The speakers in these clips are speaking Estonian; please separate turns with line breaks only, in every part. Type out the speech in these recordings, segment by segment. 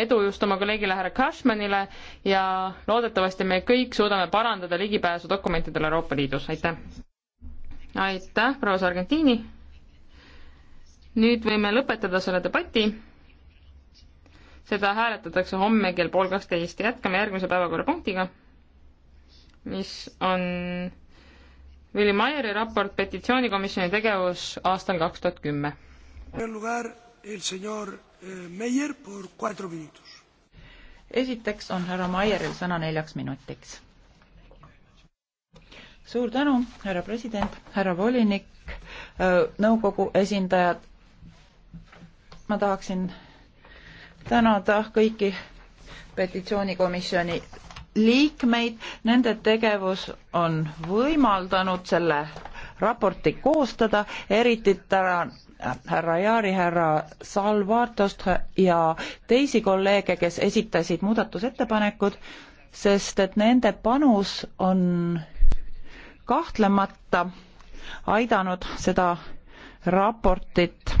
edu just oma kolleegile härra Cashmanile ja loodetavasti me kõik suudame parandada ligipääsu dokumentidele Euroopa Liidus, aitäh! aitäh, proua Sargentini! nüüd võime lõpetada selle debati, seda hääletatakse homme kell pool kaksteist, jätkame järgmise päevakorrapunktiga, mis on Willy Meyeri raport petitsioonikomisjoni tegevus aastal kaks tuhat kümme.
Eh, Meier, por cuatro minutos. esiteks on härra Meieril sõna neljaks minutiks. suur tänu, härra president, härra volinik, eh, nõukogu esindajad. ma tahaksin tänada kõiki petitsioonikomisjoni liikmeid, nende tegevus on võimaldanud selle raporti koostada, eriti tänan härra Jaari, härra Salvatost ja teisi kolleege, kes esitasid muudatusettepanekud, sest et nende panus on kahtlemata aidanud seda raportit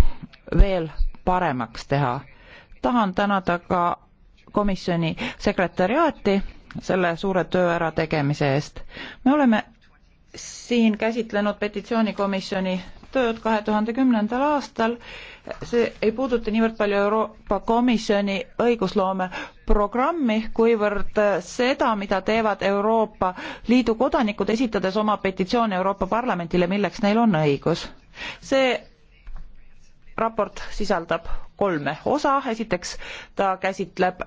veel paremaks teha. tahan tänada ka komisjoni sekretäriaati selle suure töö ärategemise eest. me oleme siin käsitlenud petitsioonikomisjoni tööd kahe tuhande kümnendal aastal. see ei puuduta niivõrd palju Euroopa Komisjoni õigusloome programmi, kuivõrd seda, mida teevad Euroopa Liidu kodanikud, esitades oma petitsioone Euroopa Parlamendile, milleks neil on õigus. see raport sisaldab kolme osa, esiteks ta käsitleb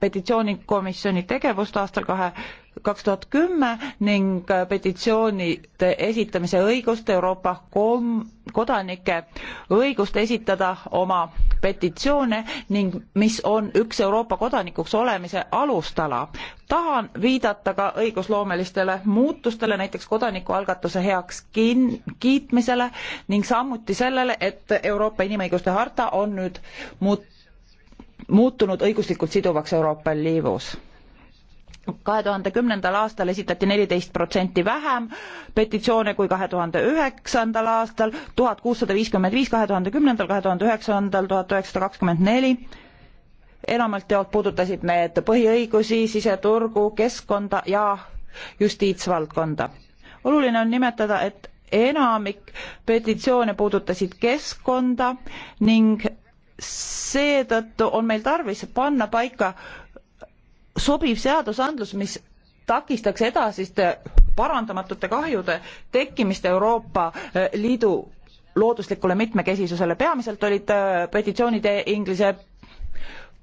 petitsioonikomisjoni tegevust aastal kahe kaks tuhat kümme ning äh, petitsioonide esitamise õigust Euroopa kom-, kodanike õigust esitada oma petitsioone ning mis on üks Euroopa kodanikuks olemise alustala. tahan viidata ka õigusloomelistele muutustele, näiteks kodanikualgatuse heaks kin-, kiitmisele ning samuti sellele, et Euroopa inimõiguste harta on nüüd muut-, muutunud õiguslikult siduvaks Euroopa Liidus kahe tuhande kümnendal aastal esitati neliteist protsenti vähem petitsioone kui kahe tuhande üheksandal aastal, tuhat kuussada viiskümmend viis kahe tuhande kümnendal, kahe tuhande üheksandal tuhat üheksasada kakskümmend neli. enamalt jaolt puudutasid need põhiõigusi, siseturgu, keskkonda ja justiitsvaldkonda. oluline on nimetada, et enamik petitsioone puudutasid keskkonda ning seetõttu on meil tarvis panna paika sobiv seadusandlus, mis takistaks edasiste parandamatute kahjude tekkimist Euroopa eh, Liidu looduslikule mitmekesisusele. peamiselt olid eh, petitsioonid e-, inglise,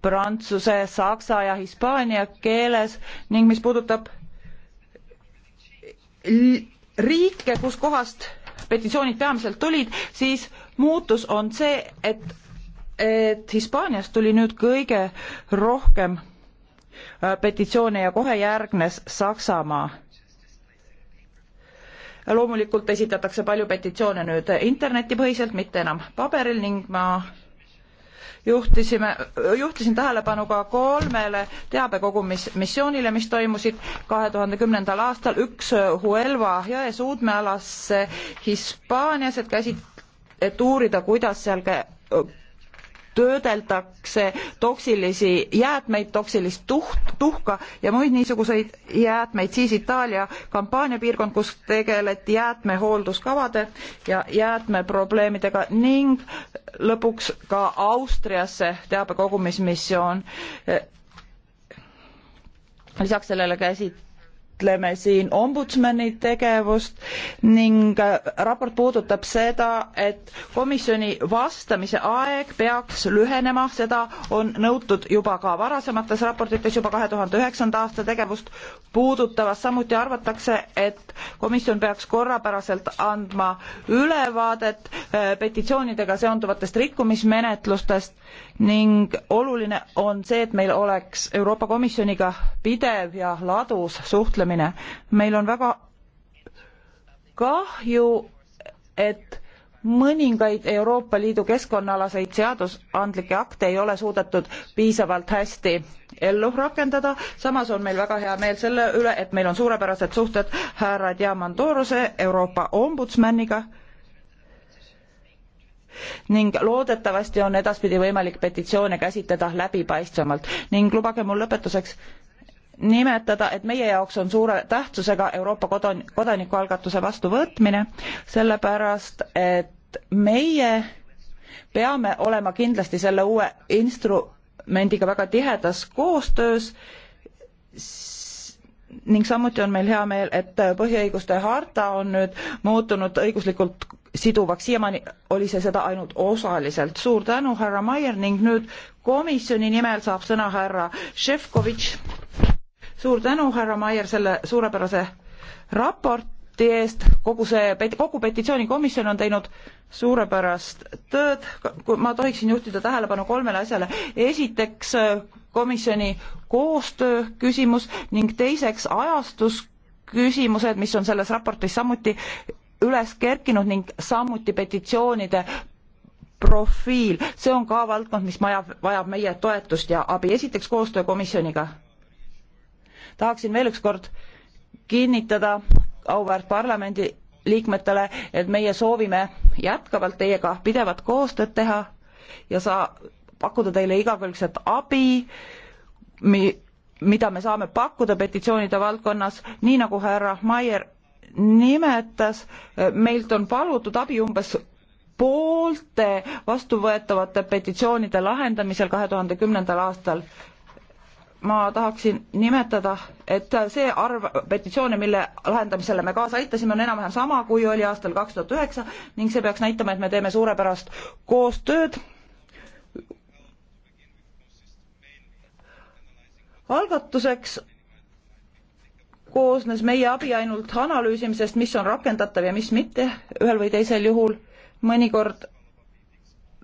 prantsuse, saksa ja hispaania keeles ning mis puudutab riike, kuskohast petitsioonid peamiselt tulid, siis muutus on see, et, et Hispaaniast tuli nüüd kõige rohkem Äh, petitsioone ja kohe järgnes Saksamaa. loomulikult esitatakse palju petitsioone nüüd internetipõhiselt, mitte enam paberil ning ma juhtisime, juhtisin tähelepanu ka kolmele teabekogumismissioonile, mis toimusid kahe tuhande kümnendal aastal, üks Huelva jõe suudmealasse Hispaanias, et käsi, et uurida, kuidas seal töödeldakse toksilisi jäätmeid, toksilist tuht, tuhka ja muid niisuguseid jäätmeid, siis Itaalia kampaaniapiirkond, kus tegeleti jäätmehoolduskavade ja jäätmeprobleemidega ning lõpuks ka Austriasse teabe kogumismissioon lisaks sellele käisid käsitleme siin ombudsmani tegevust ning raport puudutab seda, et komisjoni vastamise aeg peaks lühenema, seda on nõutud juba ka varasemates raportites, juba kahe tuhande üheksanda aasta tegevust puudutavas, samuti arvatakse, et komisjon peaks korrapäraselt andma ülevaadet eh, petitsioonidega seonduvatest rikkumismenetlustest ning oluline on see, et meil oleks Euroopa Komisjoniga pidev ja ladus suhtlemine. meil on väga kahju, et mõningaid Euroopa Liidu keskkonnaalaseid seadusandlikke akte ei ole suudetud piisavalt hästi ellu rakendada, samas on meil väga hea meel selle üle, et meil on suurepärased suhted härra Diamantorose Euroopa ombudsmaniga ning loodetavasti on edaspidi võimalik petitsioone käsitleda läbipaistvamalt ning lubage mul lõpetuseks nimetada et meie jaoks on suure tähtsusega euroopa kodon- kodanikualgatuse vastuvõtmine sellepärast et meie peame olema kindlasti selle uue instrumendiga väga tihedas koostöös ning samuti on meil hea meel et põhiõiguste harta on nüüd muutunud õiguslikult siduvaks, siiamaani oli see seda ainult osaliselt. suur tänu, härra Maier ning nüüd komisjoni nimel saab sõna härra Šefkovitš. suur tänu, härra Maier, selle suurepärase raporti eest, kogu see, kogu petitsioonikomisjon on teinud suurepärast tööd, ma tohiksin juhtida tähelepanu kolmele asjale. esiteks komisjoni koostöö küsimus ning teiseks ajastusküsimused, mis on selles raportis samuti üles kerkinud ning samuti petitsioonide profiil, see on ka valdkond, mis vajab, vajab meie toetust ja abi. esiteks koostöö komisjoniga. tahaksin veel ükskord kinnitada auväärt parlamendi liikmetele, et meie soovime jätkuvalt teiega pidevat koostööd teha ja saa-, pakkuda teile igakülgset abi, mi-, mida me saame pakkuda petitsioonide valdkonnas, nii nagu härra Maier nimetas, meilt on palutud abi umbes poolte vastuvõetavate petitsioonide lahendamisel kahe tuhande kümnendal aastal. ma tahaksin nimetada, et see arv petitsioone, mille lahendamisele me kaasa aitasime, on enam-vähem sama, kui oli aastal kaks tuhat üheksa ning see peaks näitama, et me teeme suurepärast koostööd. algatuseks koosnes meie abi ainult analüüsimisest, mis on rakendatav ja mis mitte ühel või teisel juhul. mõnikord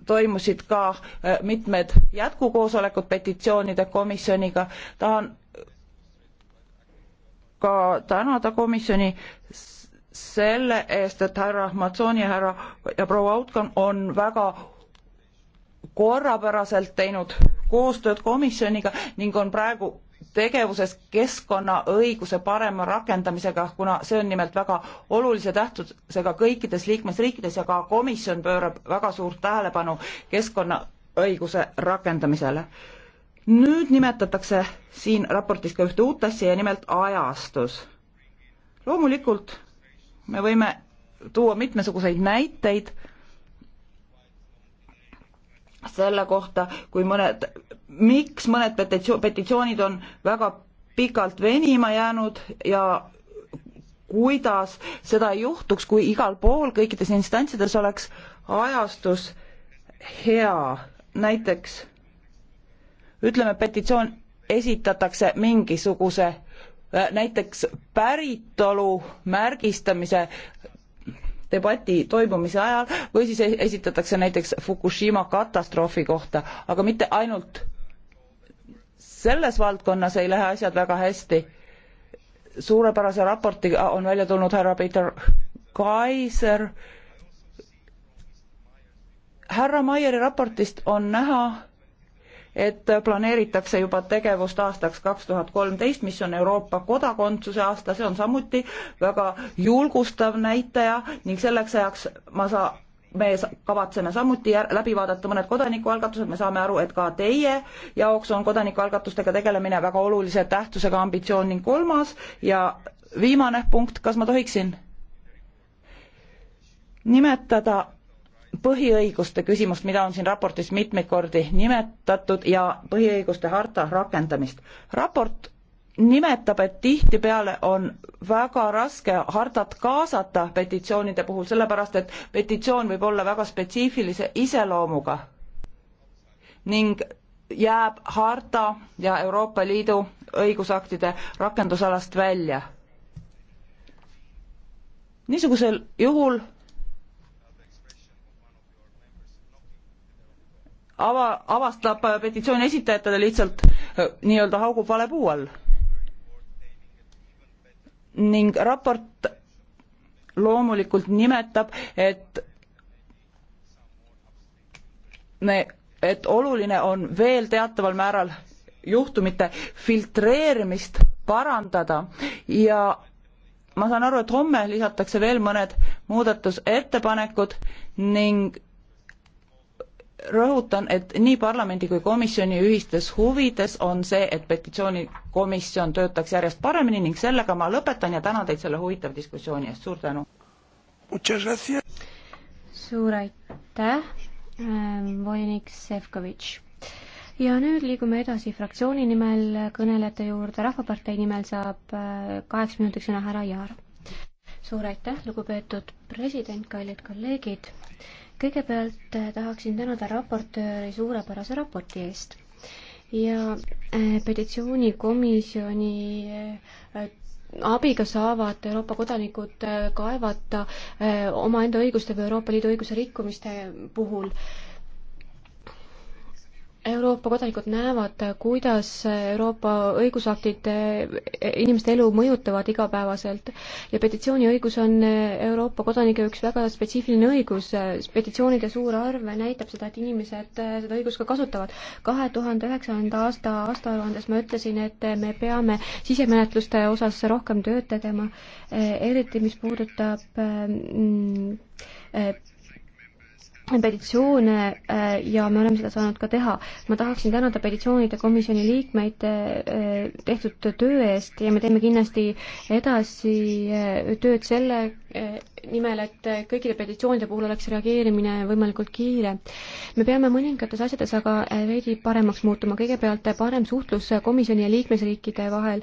toimusid ka äh, mitmed jätkukoosolekud petitsioonide komisjoniga. tahan ka tänada komisjoni selle eest, et härra Matsooni ja härra ja proua Outkan on väga korrapäraselt teinud koostööd komisjoniga ning on praegu tegevuses keskkonnaõiguse parema rakendamisega, kuna see on nimelt väga olulise tähtsusega kõikides liikmesriikides ja ka komisjon pöörab väga suurt tähelepanu keskkonnaõiguse rakendamisele. nüüd nimetatakse siin raportis ka ühte uut asja ja nimelt ajastus. loomulikult me võime tuua mitmesuguseid näiteid selle kohta, kui mõned, miks mõned petitsioon, petitsioonid on väga pikalt venima jäänud ja kuidas seda ei juhtuks, kui igal pool kõikides instantsides oleks ajastus hea, näiteks ütleme, petitsioon esitatakse mingisuguse näiteks päritolu märgistamise debati toimumise ajal või siis e- esitatakse näiteks Fukushima katastroofi kohta, aga mitte ainult selles valdkonnas ei lähe asjad väga hästi. suurepärase raportiga on välja tulnud härra Peter Kaiser. härra Maieri raportist on näha, et planeeritakse juba tegevust aastaks kaks tuhat kolmteist, mis on Euroopa kodakondsuse aasta, see on samuti väga julgustav näitaja ning selleks ajaks ma saa-, me kavatseme samuti läbi vaadata mõned kodanikualgatused, me saame aru, et ka teie jaoks on kodanikualgatustega tegelemine väga olulise tähtsusega ambitsioon ning kolmas ja viimane punkt, kas ma tohiksin nimetada põhiõiguste küsimust, mida on siin raportis mitmeid kordi nimetatud ja põhiõiguste harta rakendamist. raport nimetab, et tihtipeale on väga raske hardat kaasata petitsioonide puhul, sellepärast et petitsioon võib olla väga spetsiifilise iseloomuga ning jääb harta ja Euroopa Liidu õigusaktide rakendusalast välja. niisugusel juhul ava, avastab petitsiooni esitajatele lihtsalt äh, nii-öelda haugub vale puu all. ning raport loomulikult nimetab, et me, et oluline on veel teataval määral juhtumite filtreerimist parandada ja ma saan aru, et homme lisatakse veel mõned muudatusettepanekud ning rõhutan, et nii parlamendi kui komisjoni ühistes huvides on see, et petitsioonikomisjon töötaks järjest paremini ning sellega ma lõpetan ja tänan teid selle huvitava diskussiooni eest, suur tänu!
suur aitäh, ähm, volinik Sefkovitš. ja nüüd liigume edasi fraktsiooni nimel kõnelejate juurde, Rahvapartei nimel saab äh, kaheks minutiks sõna härra Jaar. suur aitäh, lugupeetud president, kallid kolleegid! kõigepealt eh, tahaksin tänada raportööri suurepärase raporti eest ja eh, petitsioonikomisjoni eh, abiga saavad Euroopa kodanikud kaevata omaenda õiguste või Euroopa Liidu õiguse rikkumiste puhul Euroopa kodanikud näevad, kuidas Euroopa õigusaktid eh, inimeste elu mõjutavad igapäevaselt ja petitsiooniõigus on Euroopa kodanike üks väga spetsiifiline õigus. petitsioonide suur arv näitab seda, et inimesed eh, seda õigust ka kasutavad. kahe tuhande üheksanda aasta aastaaruandes ma ütlesin, et me peame sisemenetluste osas rohkem tööd tegema, eh, eriti mis puudutab mm, petitsioone äh, ja me oleme seda saanud ka teha. ma tahaksin tänada petitsioonide komisjoni liikmeid äh, tehtud töö eest ja me teeme kindlasti edasi äh, tööd selle nimel, et kõikide petitsioonide puhul oleks reageerimine võimalikult kiire. me peame mõningates asjades aga veidi paremaks muutuma, kõigepealt parem suhtlus komisjoni ja liikmesriikide vahel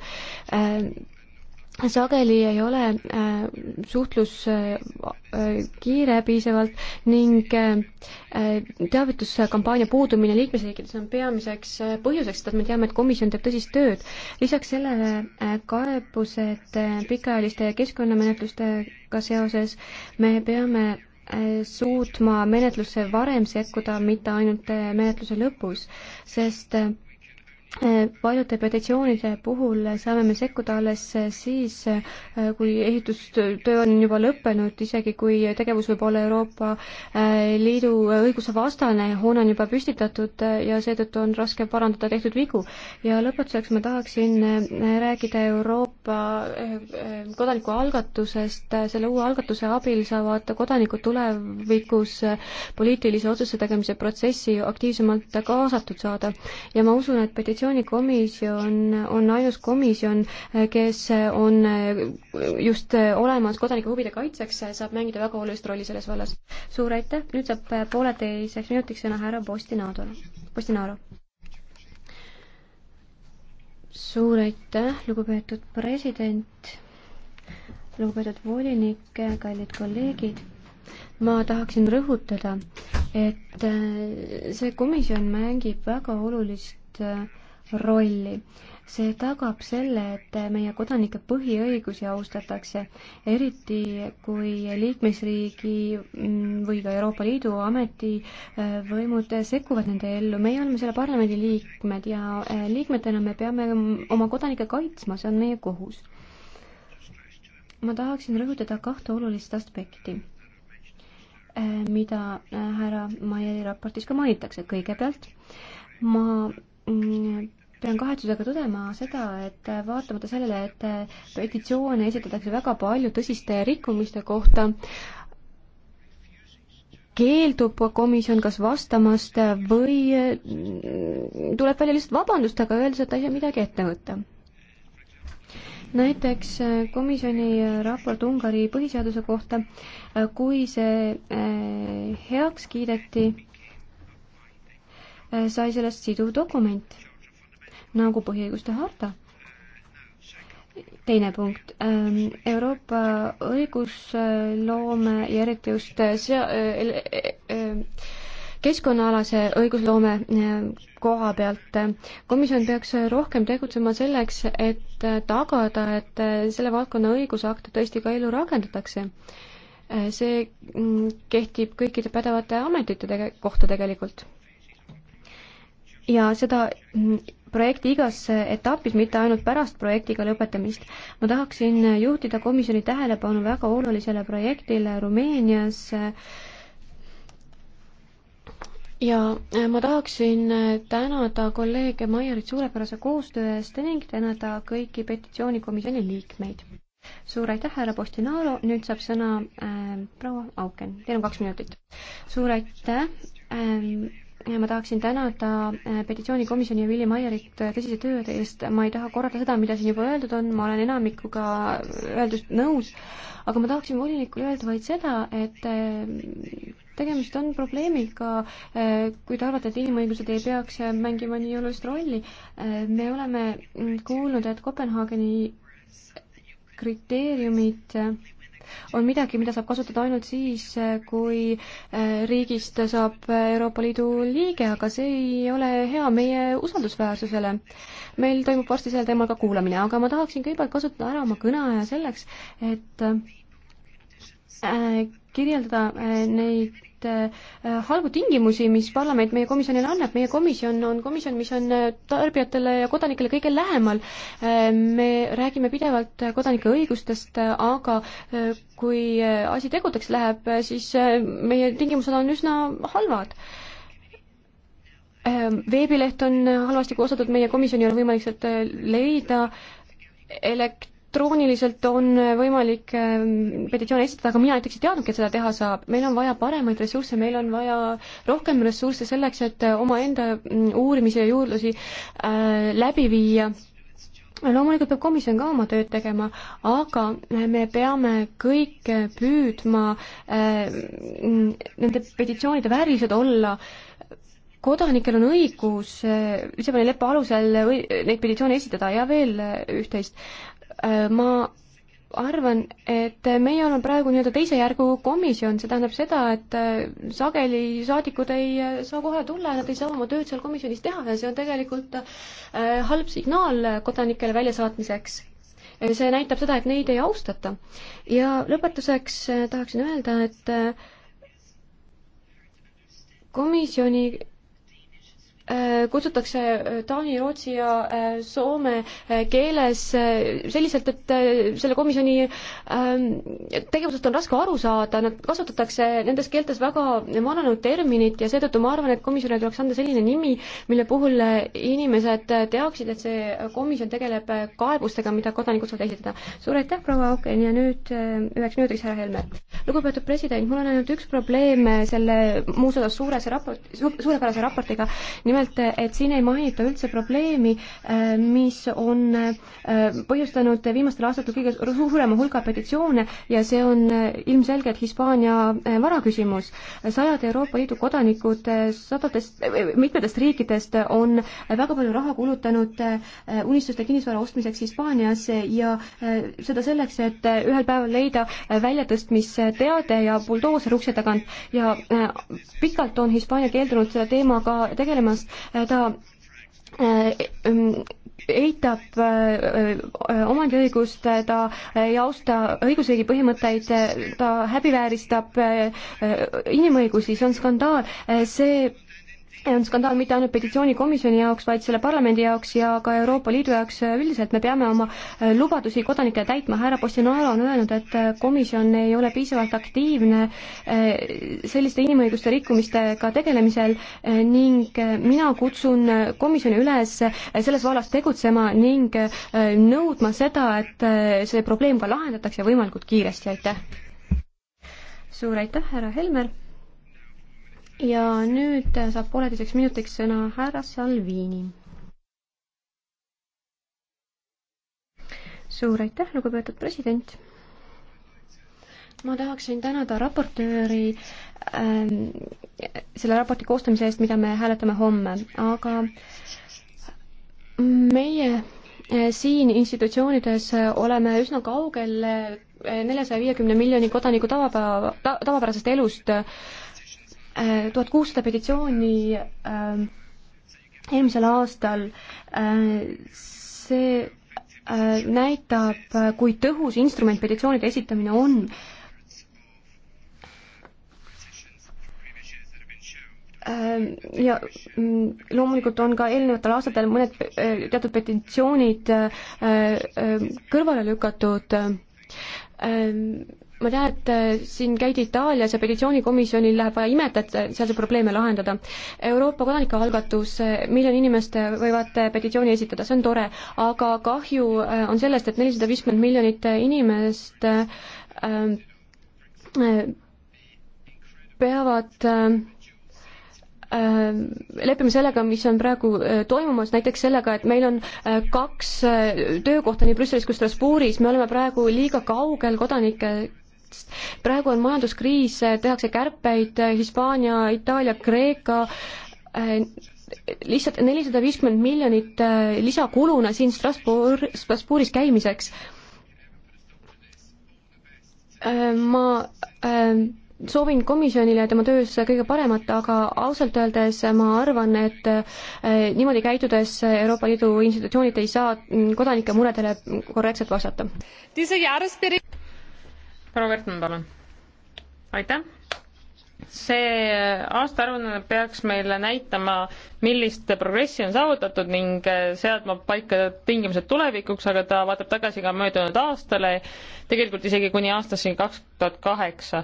sageli ei ole äh, suhtlus äh, äh kiire piisavalt ning äh, äh, teavituskampaania puudumine liikmesriikides on peamiseks äh, põhjuseks, sest me teame, et komisjon teeb tõsist tööd. lisaks sellele äh, kaebused äh, pikaajaliste keskkonnamenetlustega seoses me peame äh, suutma menetlusse varem sekkuda, mitte ainult äh, menetluse lõpus, sest äh, paljude petitsioonide puhul saame me sekkuda alles siis, kui ehitustöö on juba lõppenud, isegi kui tegevus võib olla Euroopa äh, Liidu õiguse vastane, hoone on juba püstitatud äh, ja seetõttu on raske parandada tehtud vigu. ja lõpetuseks ma tahaksin äh, rääkida Euroopa kodanikualgatusest, selle uue algatuse abil saavad kodanikud tulevikus poliitilise otsuse tegemise protsessi aktiivsemalt kaasatud saada ja ma usun, et petitsioon petitsioonikomisjon on ainus komisjon, kes on just olemas kodanike huvide kaitseks, saab mängida väga olulist rolli selles vallas. suur aitäh, nüüd saab pooleteiseks minutiks sõna härra Postinaado, Postinaaro. suur aitäh, lugupeetud president, lugupeetud volinik, kallid kolleegid ma tahaksin rõhutada, et see komisjon mängib väga olulist rolli. see tagab selle, et meie kodanike põhiõigusi austatakse, eriti kui liikmesriigi mm, või ka Euroopa Liidu ametivõimud sekkuvad nende ellu. meie oleme selle parlamendi liikmed ja eh, liikmetena me peame oma kodanikke kaitsma, see on meie kohus. ma tahaksin rõhutada kahte olulist aspekti eh, mida eh, härra Maieri raportis ka mainitakse. kõigepealt ma mm, pean kahetsusega tõdema seda, et vaatamata sellele, et äh, petitsioone esitatakse väga palju tõsiste rikkumiste kohta, keeldub komisjon kas vastamast või äh, tuleb välja lihtsalt vabandustega, öeldes, et ta ei saa midagi ette võtta. näiteks äh, komisjoni raport Ungari põhiseaduse kohta, kui see heaks kiideti, sai sellest siduv dokument nagu põhiõiguste harta. teine punkt, ähm, Euroopa õigusloome ja eriti just äh, sea-, äh, äh, keskkonnaalase õigusloome koha pealt. komisjon peaks rohkem tegutsema selleks, et tagada, et selle valdkonna õigusakte tõesti ka ellu rakendatakse. see mm, kehtib kõikide pädevate ametite tege-, kohta tegelikult. ja seda mm, projekti igas etapis, mitte ainult pärast projektiga lõpetamist. ma tahaksin juhtida komisjoni tähelepanu väga olulisele projektile Rumeenias ja ma tahaksin tänada kolleeg Maierit suurepärase koostöö eest ning tänada kõiki petitsioonikomisjoni liikmeid. suur aitäh, härra Postinaro, nüüd saab sõna äh, proua Auken, teil on kaks minutit. suur aitäh äh, ja ma tahaksin tänada äh, petitsioonikomisjoni ja Willie Meierit äh, tõsise töö eest, ma ei taha korrata seda, mida siin juba öeldud on, ma olen enamikuga äh, öeldust nõus, aga ma tahaksin volinikule öelda vaid seda, et tegemist on probleemiga, kui te arvate, et inimõigused ei peaks mängima nii olulist rolli. me oleme mm, kuulnud, et Kopenhaageni kriteeriumid on midagi, mida saab kasutada ainult siis, kui äh, riigist saab Euroopa Liidu liige, aga see ei ole hea meie usaldusväärsusele. meil toimub varsti sel teemal ka kuulamine, aga ma tahaksin kõigepealt kasutada ära oma kõneaja selleks, et äh, kirjeldada äh, neid neid äh, halbu tingimusi, mis parlament meie komisjonile annab, meie komisjon on komisjon, mis on äh, tarbijatele ja kodanikele kõige lähemal. Äh, me räägime pidevalt kodanike õigustest, aga kui asi tegudeks läheb, siis meie tingimused on üsna halvad veebileht on halvasti koostatud, meie komisjoni on võimalik sealt leida, elekt-, elektrooniliselt on võimalik ähm, petitsioone esitada, aga mina näiteks ei teadnudki, et seda teha saab. meil on vaja paremaid ressursse, meil on vaja rohkem ressursse selleks, et äh, omaenda mm, uurimisi ja juurdlusi äh, läbi viia loomulikult peab komisjon ka oma tööd tegema, aga me peame kõik püüdma äh, nende petitsioonide väärilised olla. kodanikel on õigus äh, Lissaboni leppe alusel neid petitsioone esitada ja veel äh, üht-teist äh, Äh, ma arvan, et meie oleme praegu nii-öelda teise järgu komisjon, see tähendab seda, et äh, sageli saadikud ei äh, saa kohe tulla, nad ei saa oma tööd seal komisjonis teha ja see on tegelikult halb signaal kodanikele väljasaatmiseks. see näitab seda, et neid ei austata. ja lõpetuseks tahaksin öelda, et komisjoni Äh, kutsutakse äh, taani, rootsi ja äh, soome keeles selliselt, et selle komisjoni ähm, tegevusest on raske aru saada, nad kasutatakse nendes keeltes väga vananenud terminit ja seetõttu ma arvan, et komisjonile tuleks anda selline nimi, mille puhul inimesed teaksid, et see komisjon tegeleb kaebustega, mida kodanikud saavad esitada. suur aitäh, proua Auken ja nüüd üheks minutiks härra Helme. lugupeetud president, mul on ainult üks probleem selle muus osas suures raport, suurepärase raportiga, nimelt nimelt, et siin ei mainita üldse probleemi, äh, mis on äh, põhjustanud viimastel aastatel kõige suurema hulga petitsioone ja see on äh, ilmselgelt Hispaania varaküsimus. sajad Euroopa Liidu kodanikud sadadest, mitmetest riikidest on väga palju raha kulutanud unistuste kinnisvara ostmiseks Hispaanias ja seda selleks, et ühel päeval leida väljatõstmisteade ja buldooser ukse tagant ja pikalt on Hispaania keeldunud selle teemaga tegelemast Äh, ta äh, mm, eitab äh, omandiõigust, ta ei austa õigusriigi põhimõtteid, ta häbivääristab inimõigusi, see on skandaal, see on skandaal mitte ainult petitsioonikomisjoni jaoks, vaid selle parlamendi jaoks ja ka Euroopa Liidu jaoks äh, üldiselt, me peame oma äh, lubadusi kodanikele täitma, härra Postinaro on öelnud, et äh, komisjon ei ole piisavalt aktiivne selliste inimõiguste rikkumistega tegelemisel ning mina kutsun komisjoni üles selles vallas tegutsema ning nõudma seda, et see probleem ka lahendatakse võimalikult kiiresti, aitäh! suur aitäh, härra Helmer! ja nüüd saab pooleteiseks minutiks sõna härra Salvini. suur aitäh, lugupeetud president ma tahaksin tänada raportööri ähm, selle raporti koostamise eest, mida me hääletame homme, aga meie äh, siin institutsioonides äh, oleme üsna kaugel äh, neljasaja äh, viiekümne miljoni kodaniku tavapäeva ta,, tavapärasest elust äh, Äh, tuhat kuussada petitsiooni ähm, eelmisel aastal, äh, see äh, näitab, kui tõhus instrument petitsioonide esitamine on. Ähm, ja mm, loomulikult on ka eelnevatel aastatel mõned teatud petitsioonid kõrvale lükatud ähm, ma tean, et äh, siin käidi Itaalias ja petitsioonikomisjonil läheb vaja imet, et äh, sealseid probleeme lahendada. Euroopa kodanikualgatus, äh, miljon inimest võivad petitsiooni esitada, see on tore, aga kahju on sellest, et nelisada viiskümmend miljonit inimest ähm, peavad lepime sellega, mis on praegu toimumas, näiteks sellega, et meil on kaks töökohta nii Brüsselis kui Strasbourgis, me oleme praegu liiga kaugel kodanike praegu on majanduskriis, tehakse kärpeid Hispaania, Itaalia, Kreeka, eh, lihtsalt nelisada viiskümmend miljonit eh, lisakuluna siin Strasbourg, Strasbourgis käimiseks. Eh, ma soovin komisjonile tema töös kõige paremat, aga ausalt öeldes ma arvan, et niimoodi käitudes Euroopa Liidu institutsioonid ei saa kodanike muredele korrektselt vastata
proua Vertmann, palun. aitäh. see äh, aastaaruanne peaks meile näitama, millist progressi on saavutatud ning äh, seadma paika tingimused tulevikuks, aga ta vaatab tagasi ka möödunud aastale, tegelikult isegi kuni aastasse kaks tuhat kaheksa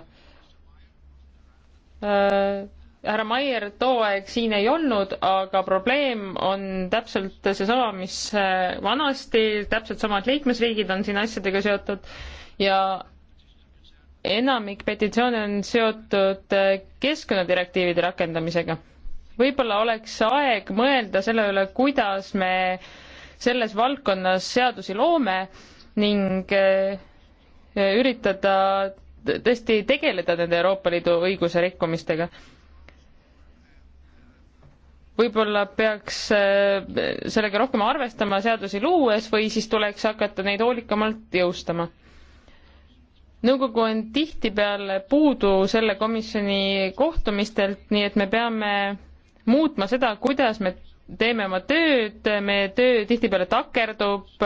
äh, härra Maier too aeg siin ei olnud, aga probleem on täpselt seesama, mis vanasti, täpselt samad liikmesriigid on siin asjadega seotud ja enamik petitsioone on seotud äh, keskkonnadirektiivide rakendamisega. võib-olla oleks aeg mõelda selle üle, kuidas me selles valdkonnas seadusi loome ning äh, üritada tõesti tegeleda nende Euroopa Liidu õiguse rikkumistega. võib-olla peaks äh, sellega rohkem arvestama seadusi luues või siis tuleks hakata neid hoolikamalt jõustama nõukogu on tihtipeale puudu selle komisjoni kohtumistelt, nii et me peame muutma seda, kuidas me teeme oma tööd, meie töö tihtipeale takerdub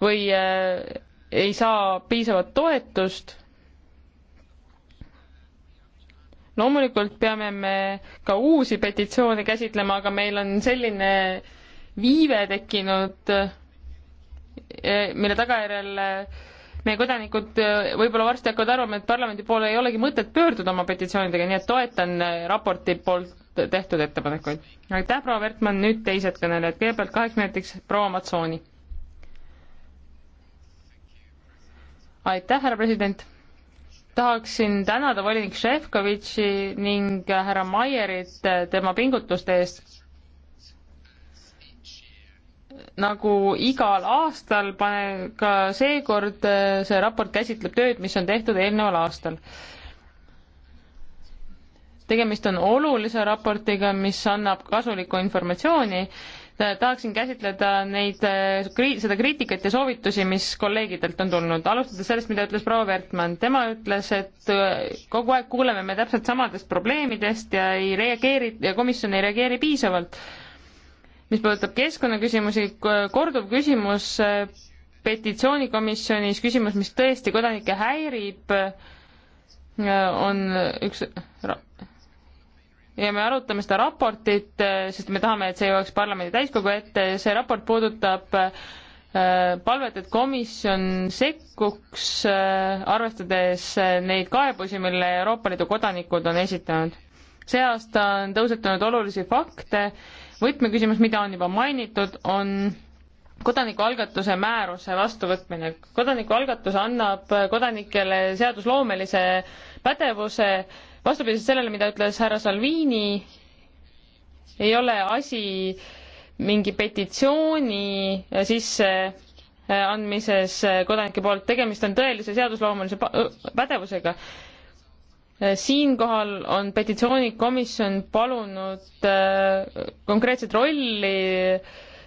või äh, ei saa piisavat toetust. loomulikult peame me ka uusi petitsioone käsitlema, aga meil on selline viive tekkinud, äh, mille tagajärjel meie kodanikud äh, võib-olla varsti hakkavad arvama, et parlamendi poole ei olegi mõtet pöörduda oma petitsioonidega, nii et toetan äh, raporti poolt tehtud ettepanekuid. aitäh, proua Vertmann, nüüd teised kõnelejad, kõigepealt kaheks minutiks proua Matsooni. aitäh, härra president. tahaksin tänada volinik Šefkovitši ning härra Maierit äh, tema pingutuste eest nagu igal aastal, pane ka seekord, äh, see raport käsitleb tööd, mis on tehtud eelneval aastal. tegemist on olulise raportiga, mis annab kasulikku informatsiooni. tahaksin käsitleda neid, äh, seda kriitikat ja soovitusi, mis kolleegidelt on tulnud. alustades sellest, mida ütles proua Wertmann. tema ütles, et äh, kogu aeg kuuleme me täpselt samadest probleemidest ja ei reageeri, ja komisjon ei reageeri piisavalt mis puudutab keskkonnaküsimusi, korduv küsimus äh, petitsioonikomisjonis, küsimus, mis tõesti kodanikke häirib, äh, on üks ja me arutame seda raportit, äh, sest me tahame, et see jõuaks parlamendi täiskogu ette, see raport puudutab palvet, et komisjon sekkuks, arvestades neid kaebusi, mille Euroopa Liidu kodanikud on esitanud. see aasta on tõusetunud olulisi fakte, võtmeküsimus, mida on juba mainitud, on kodanikualgatuse määruse vastuvõtmine. kodanikualgatus annab kodanikele seadusloomelise pädevuse, vastupidiselt sellele, mida ütles härra Salvini, ei ole asi mingi petitsiooni sisse andmises kodanike poolt, tegemist on tõelise seadusloomelise pädevusega Äh, siinkohal on petitsioonikomisjon palunud äh, konkreetset rolli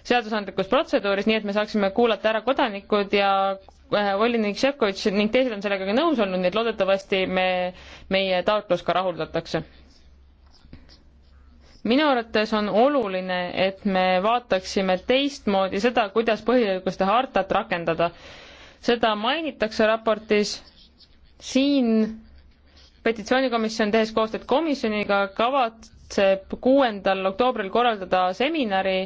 seadusandlikus protseduuris, nii et me saaksime kuulata ära kodanikud ja äh, volinik Šefkovitš ning teised on sellega ka nõus olnud, nii et loodetavasti me, meie taotlus ka rahuldatakse. minu arvates on oluline, et me vaataksime teistmoodi seda, kuidas põhiõiguste hartat rakendada. seda mainitakse raportis, siin petitsioonikomisjon, tehes koostööd komisjoniga, kavatseb kuuendal oktoobril korraldada seminari,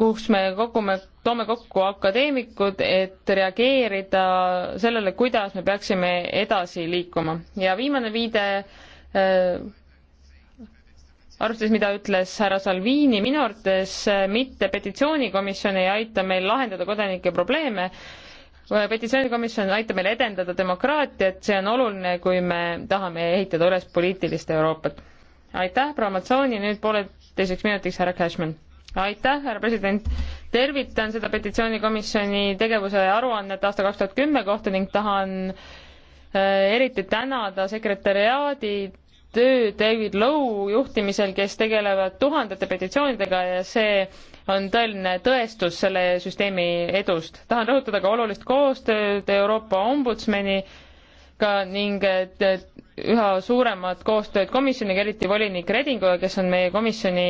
kus me kogume, toome kokku akadeemikud, et reageerida sellele, kuidas me peaksime edasi liikuma. ja viimane viide äh, arvestades, mida ütles härra Salvini, minu arvates mitte petitsioonikomisjon ei aita meil lahendada kodanike probleeme, petitsioonikomisjon aitab meil edendada demokraatiat, see on oluline, kui me tahame ehitada üles poliitilist Euroopat. aitäh, promotsiooni, nüüd pooleteiseks minutiks härra Cashman. aitäh, härra president, tervitan seda petitsioonikomisjoni tegevuse aruannet aasta kaks tuhat kümme kohta ning tahan äh, eriti tänada sekretäriaadi töö David Lowe juhtimisel, kes tegelevad tuhandete petitsioonidega ja see on tõeline tõestus selle süsteemi edust. tahan rõhutada ka olulist koostööd Euroopa Ombudsmaniga ning üha suuremat koostööd komisjoniga, eriti volinik Redinguga, kes on meie komisjoni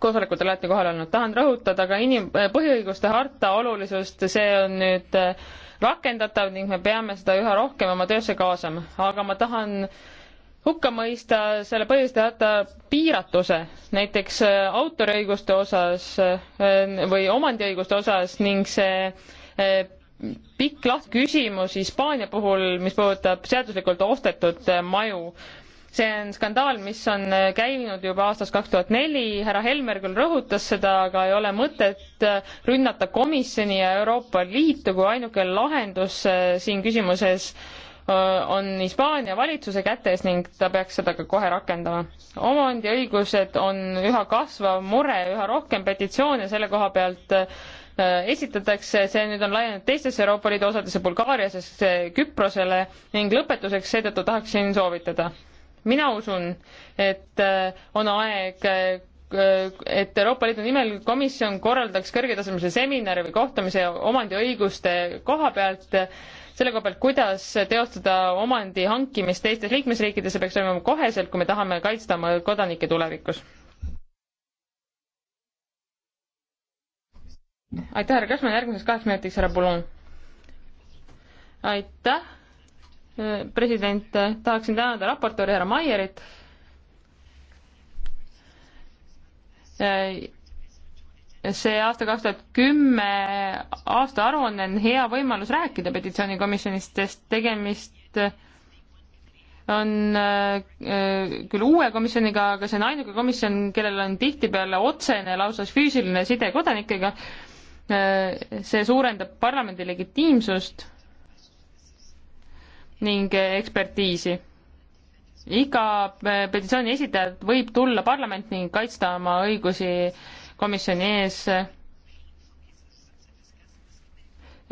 koosolekutel alati kohal olnud. tahan rõhutada ka inim-, põhiõiguste harta olulisust, see on nüüd äh, rakendatav ning me peame seda üha rohkem oma töösse kaasama. aga ma tahan äh, hukka mõista selle põhjustajata piiratuse, näiteks äh, autoriõiguste osas äh, või omandiõiguste osas ning see äh, pikk laht küsimus Hispaania puhul, mis puudutab seaduslikult ostetud maju. see on skandaal, mis on käinud juba aastast kaks tuhat neli, härra Helmer küll rõhutas seda, aga ei ole mõtet rünnata komisjoni ja Euroopa Liitu kui ainuke lahendus siin küsimuses äh, on Hispaania valitsuse kätes ning ta peaks seda ka kohe rakendama. omandiõigused on üha kasvav mure, üha rohkem petitsioone selle koha pealt esitatakse, see nüüd on laienenud teistesse Euroopa Liidu osadesse, Bulgaariasse, Küprosele ning lõpetuseks seetõttu tahaksin soovitada. mina usun, et on aeg et Euroopa Liidu nimel komisjon korraldaks kõrgetasemelise seminari või kohtumise omandiõiguste koha pealt selle koha pealt, kuidas teostada omandi hankimist teistes liikmesriikides, see peaks toimuma koheselt, kui me tahame kaitsta oma kodanikke tulevikus. aitäh, härra Kasman, järgmiseks kaheks minutiks härra Boulon. aitäh, president, tahaksin tänada raportööri härra Maierit see aasta kaks tuhat kümme aastaaruanne on hea võimalus rääkida petitsioonikomisjonist, sest tegemist on äh, äh, küll uue komisjoniga, aga see on ainuke komisjon, kellel on tihtipeale otsene, lausa füüsiline side kodanikega. Äh, see suurendab parlamendi legitiimsust ning ekspertiisi. iga petitsiooni esitaja võib tulla parlamenti ning kaitsta oma õigusi komisjoni ees.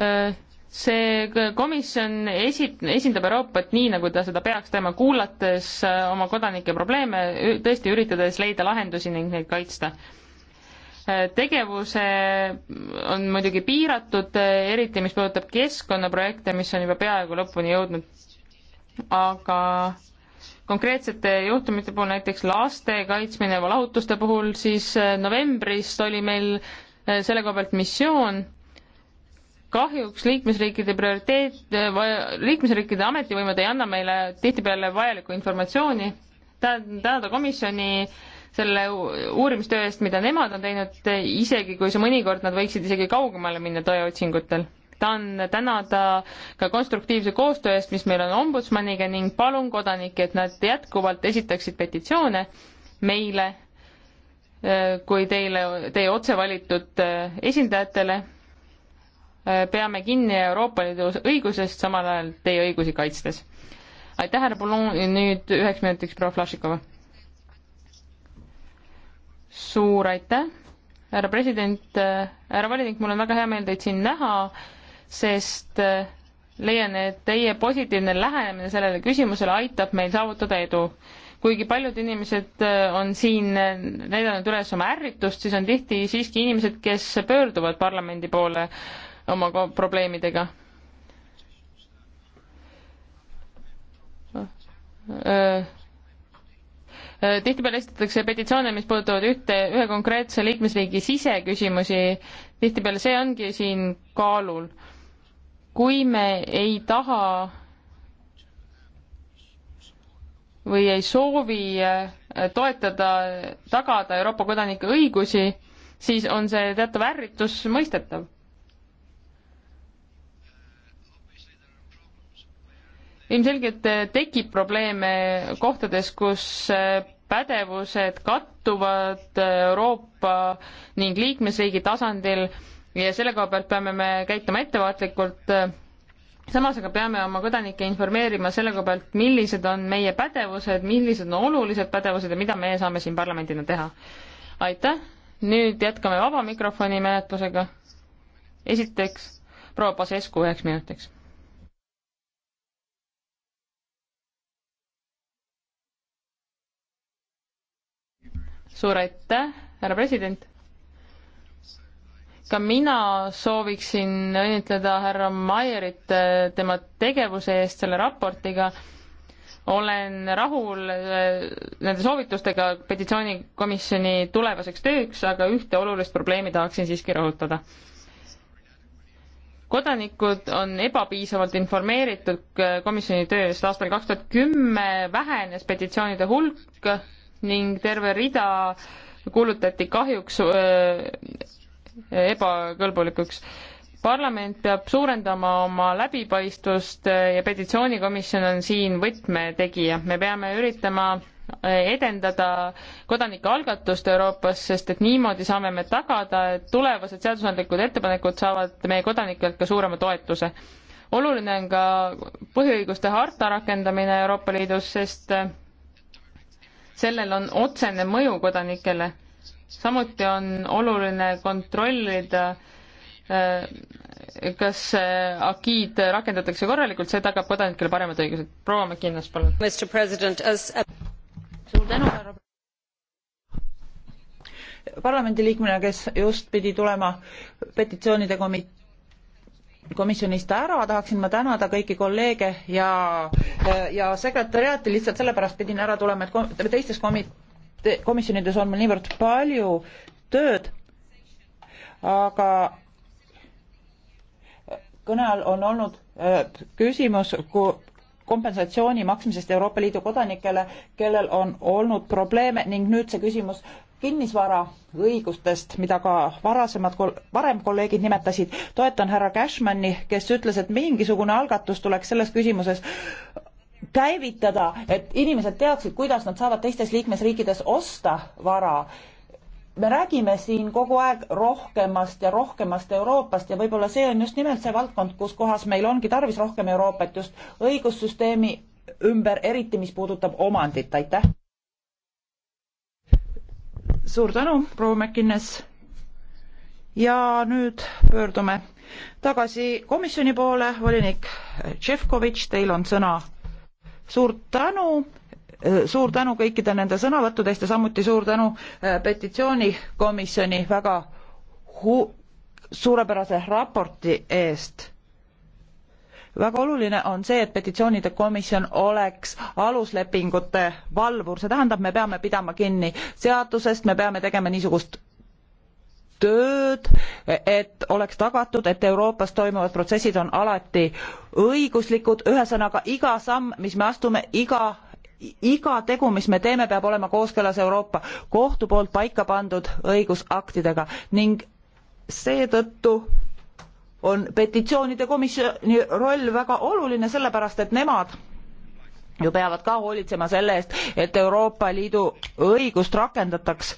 Äh, see komisjon esit-, esindab Euroopat nii, nagu ta seda peaks tegema, kuulates äh, oma kodanike probleeme, tõesti üritades leida lahendusi ning neid kaitsta äh, tegevuse on muidugi piiratud, eriti mis puudutab keskkonnaprojekte, mis on juba peaaegu lõpuni jõudnud. aga konkreetsete juhtumite puhul, näiteks laste kaitsmine lahutuste puhul, siis äh, novembrist oli meil äh, selle koha pealt missioon. kahjuks liikmesriikide prioriteet, äh, liikmesriikide ametivõimed ei anna meile tihtipeale vajalikku informatsiooni. tahan tänada komisjoni selle uurimistöö eest, mida nemad on teinud, isegi kui see mõnikord nad võiksid isegi kaugemale minna tõeotsingutel tahan tänada ka konstruktiivse koostöö eest, mis meil on ombudsmaniga ning palun kodanikke, et nad jätkuvalt esitaksid petitsioone meile äh, kui teile, teie otsevalitud äh, esindajatele. Äh, peame kinni Euroopa Liidu õigusest, samal ajal teie õigusi kaitstes. aitäh, härra Poulon, nüüd üheks minutiks proua Flašikova. suur aitäh, härra president, härra volinik, mul on väga hea meel teid siin näha sest äh, leian, et teie positiivne lähenemine sellele küsimusele aitab meil saavutada edu. kuigi paljud inimesed äh, on siin äh, näidanud üles oma ärritust, siis on tihti siiski inimesed, kes pöörduvad parlamendi poole oma probleemidega. tihtipeale esitatakse petitsioone, mis puudutavad ühte, ühe konkreetse liikmesriigi siseküsimusi, tihtipeale see ongi siin kaalul kui me ei taha või ei soovi äh, toetada, tagada Euroopa kodanike õigusi, siis on see teatav ärritus mõistetav. ilmselgelt äh, tekib probleeme kohtades, kus äh, pädevused kattuvad Euroopa ning liikmesriigi tasandil ja selle koha pealt peame me käituma ettevaatlikult. samas aga peame oma kodanikke informeerima selle koha pealt, millised on meie pädevused, millised on olulised pädevused ja mida meie saame siin parlamendina teha. aitäh, nüüd jätkame vaba mikrofoni menetlusega. esiteks proua Pasescu üheks minutiks. suur aitäh, härra president ka mina sooviksin õnnitleda härra Maierit äh, tema tegevuse eest selle raportiga. olen rahul äh, nende soovitustega petitsioonikomisjoni tulevaseks tööks, aga ühte olulist probleemi tahaksin siiski rõhutada. kodanikud on ebapiisavalt informeeritud äh, komisjoni tööst. aastal kaks tuhat kümme vähenes petitsioonide hulk ning terve rida kuulutati kahjuks öö, ebakõlbulikuks. parlament peab suurendama oma läbipaistvust ja petitsioonikomisjon on siin võtmetegija. me peame üritama edendada kodanikualgatust Euroopas, sest et niimoodi saame me tagada, et tulevased seadusandlikud ettepanekud saavad meie kodanikelt ka suurema toetuse. oluline on ka põhiõiguste harta rakendamine Euroopa Liidus, sest sellel on otsene mõju kodanikele samuti on oluline kontrollida äh, kas äh, agiid rakendatakse korralikult, see tagab kodanikele paremad õigused. proua McInnes, palun. suur tänu, härra
parlamendiliikmena, kes just pidi tulema petitsioonide komi-, komisjonist ära, tahaksin ma tänada kõiki kolleege ja, äh, ja sekretäriaati, lihtsalt sellepärast pidin ära tulema, et kom-, teistes komi-, komisjonist, komisjonides on meil niivõrd palju tööd, aga kõne all on olnud äh, küsimus kompensatsiooni maksmisest Euroopa Liidu kodanikele, kellel on olnud probleeme ning nüüd see küsimus kinnisvara õigustest, mida ka varasemad, varem kolleegid nimetasid, toetan härra Cashmani, kes ütles, et mingisugune algatus tuleks selles küsimuses käivitada, et inimesed teaksid, kuidas nad saavad teistes liikmesriikides osta vara me räägime siin kogu aeg rohkemast ja rohkemast Euroopast ja võib-olla see on just nimelt see valdkond, kus kohas meil ongi tarvis rohkem Euroopat just õigussüsteemi ümber, eriti mis puudutab omandit, aitäh. suur tänu, proua Mäkkines. ja nüüd pöördume tagasi komisjoni poole, volinik Tšefkovitš, teil on sõna suur tänu, äh, suur tänu kõikide nende sõnavõttude eest ja samuti suur tänu äh, petitsioonikomisjoni väga hu-, suurepärase raporti eest väga oluline on see, et petitsioonide komisjon oleks aluslepingute valvur, see tähendab, me peame pidama kinni seadusest, me peame tegema niisugust tööd, et oleks tagatud, et Euroopas toimuvad protsessid on alati õiguslikud, ühesõnaga iga samm, mis me astume, iga iga tegu, mis me teeme, peab olema kooskõlas Euroopa Kohtu poolt paika pandud õigusaktidega ning seetõttu on petitsioonide komisjoni roll väga oluline, sellepärast et nemad ju peavad ka hoolitsema selle eest, et Euroopa Liidu õigust rakendataks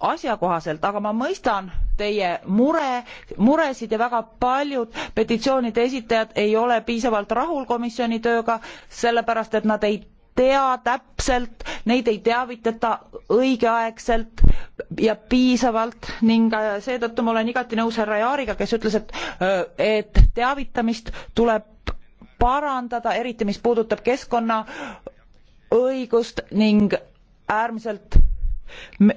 asjakohaselt aga ma mõistan teie mure muresid ja väga paljud petitsioonide esitajad ei ole piisavalt rahul komisjoni tööga sellepärast et nad ei tea täpselt neid ei teavitata õigeaegselt ja piisavalt ning äh, seetõttu ma olen igati nõus härra jaariga kes ütles et äh, et teavitamist tuleb parandada eriti mis puudutab keskkonnaõigust ning äärmiselt me,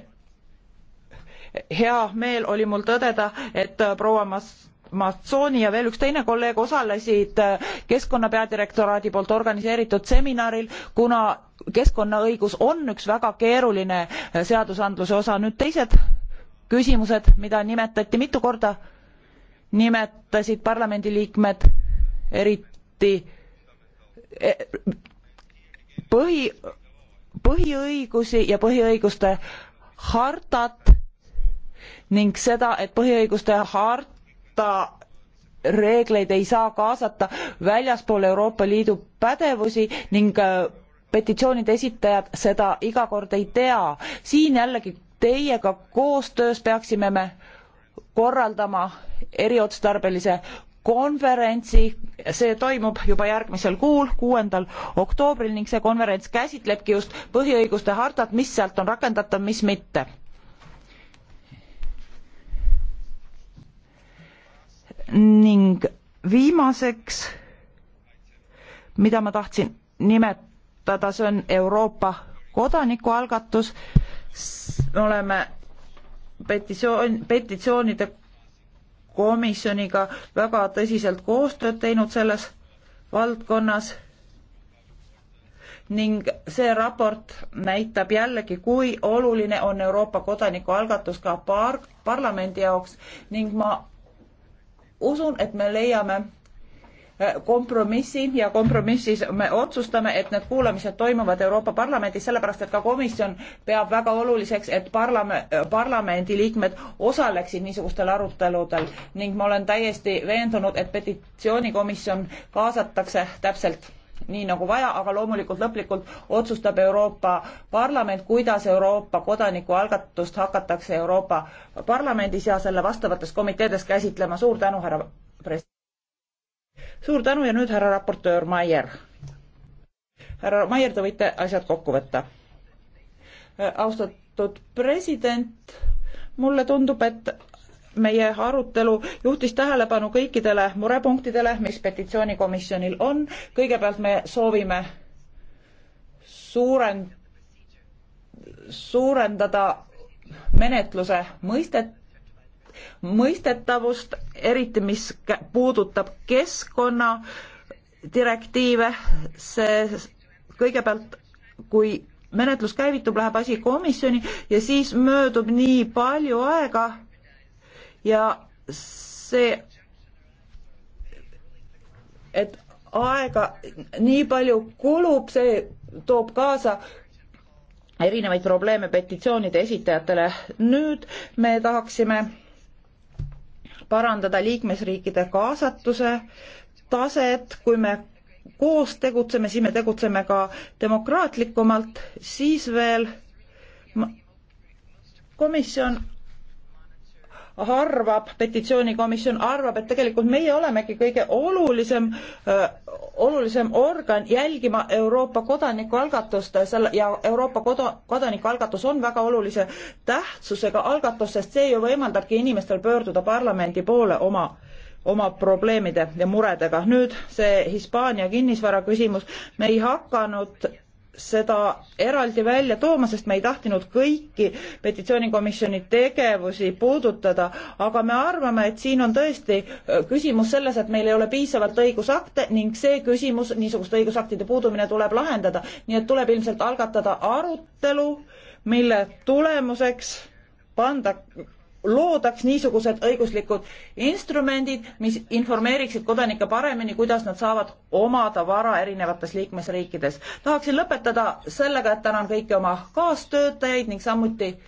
hea meel oli mul tõdeda, et äh, proua Mas-, Mazzoni ja veel üks teine kolleeg osalesid äh, keskkonna peadirektoraadi poolt organiseeritud seminaril, kuna keskkonnaõigus on üks väga keeruline äh, seadusandluse osa. nüüd teised küsimused, mida nimetati mitu korda, nimetasid parlamendiliikmed eriti e, põhi, põhiõigusi ja põhiõiguste hartat ning seda, et põhiõiguste harta reegleid ei saa kaasata väljaspool Euroopa Liidu pädevusi ning äh, petitsioonide esitajad seda iga kord ei tea. siin jällegi teiega koostöös peaksime me korraldama eriotstarbelise konverentsi, see toimub juba järgmisel kuul, kuuendal oktoobril ning see konverents käsitlebki just põhiõiguste hartat, mis sealt on rakendatav, mis mitte ning viimaseks, mida ma tahtsin nimetada, see on Euroopa kodanikualgatus. me oleme petitsioon, petitsioonide komisjoniga väga tõsiselt koostööd teinud selles valdkonnas ning see raport näitab jällegi, kui oluline on Euroopa kodanikualgatus ka par-, parlamendi jaoks ning ma usun, et me leiame äh, kompromissi ja kompromissis me otsustame, et need kuulamised toimuvad Euroopa Parlamendis, sellepärast et ka komisjon peab väga oluliseks, et parlame-, äh, parlamendi liikmed osaleksid niisugustel aruteludel ning ma olen täiesti veendunud, et petitsioonikomisjon kaasatakse täpselt nii nagu vaja, aga loomulikult lõplikult otsustab Euroopa Parlament, kuidas Euroopa kodanikualgatust hakatakse Euroopa Parlamendis ja selle vastavates komiteedes käsitlema. suur tänu, härra pres-. suur tänu ja nüüd härra raportöör Maier. härra Maier, te võite asjad kokku võtta. austatud president, mulle tundub, et meie arutelu juhtis tähelepanu kõikidele murepunktidele, mis petitsioonikomisjonil on. kõigepealt me soovime suuren-, suurendada menetluse mõistet, mõistetavust, eriti mis puudutab keskkonnadirektiive, see kõigepealt, kui menetlus käivitub, läheb asi komisjoni ja siis möödub nii palju aega, ja see, et aega nii palju kulub, see toob kaasa erinevaid probleeme petitsioonide esitajatele. nüüd me tahaksime parandada liikmesriikide kaasatuse taset, kui me koos tegutseme, siis me tegutseme ka demokraatlikumalt, siis veel komisjon arvab, petitsioonikomisjon arvab, et tegelikult meie olemegi kõige olulisem, olulisem organ jälgima Euroopa kodanikualgatust ja Euroopa koda, kodanikualgatus on väga olulise tähtsusega algatus, sest see ju võimaldabki inimestel pöörduda parlamendi poole oma oma probleemide ja muredega. nüüd see Hispaania kinnisvara küsimus, me ei hakanud seda eraldi välja tooma, sest me ei tahtnud kõiki petitsioonikomisjoni tegevusi puudutada, aga me arvame, et siin on tõesti äh, küsimus selles, et meil ei ole piisavalt õigusakte ning see küsimus, niisuguste õigusaktide puudumine tuleb lahendada. nii et tuleb ilmselt algatada arutelu, mille tulemuseks panda loodaks niisugused õiguslikud instrumendid, mis informeeriksid kodanikke paremini, kuidas nad saavad omada vara erinevates liikmesriikides. tahaksin lõpetada sellega, et tänan kõiki oma kaastöötajaid ning samuti,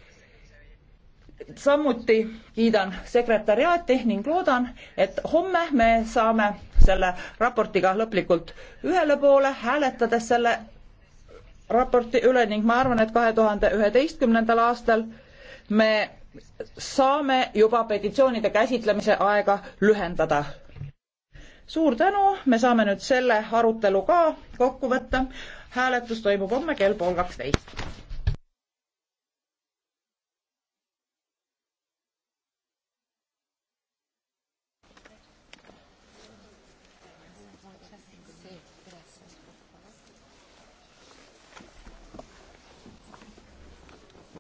samuti kiidan sekretäriaati ning loodan, et homme me saame selle raportiga lõplikult ühele poole, hääletades selle raporti üle ning ma arvan, et kahe tuhande üheteistkümnendal aastal me saame juba petitsioonide käsitlemise aega lühendada. suur tänu, me saame nüüd selle arutelu ka kokku võtta. hääletus toimub homme kell pool kaksteist.